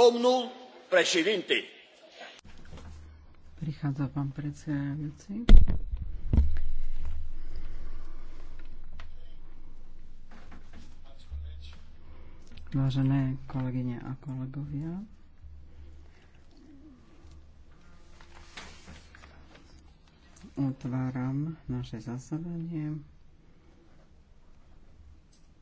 Domnul președinte. Prichádza pán predsedajúci. Vážené kolegyne a kolegovia, otváram naše zasadanie.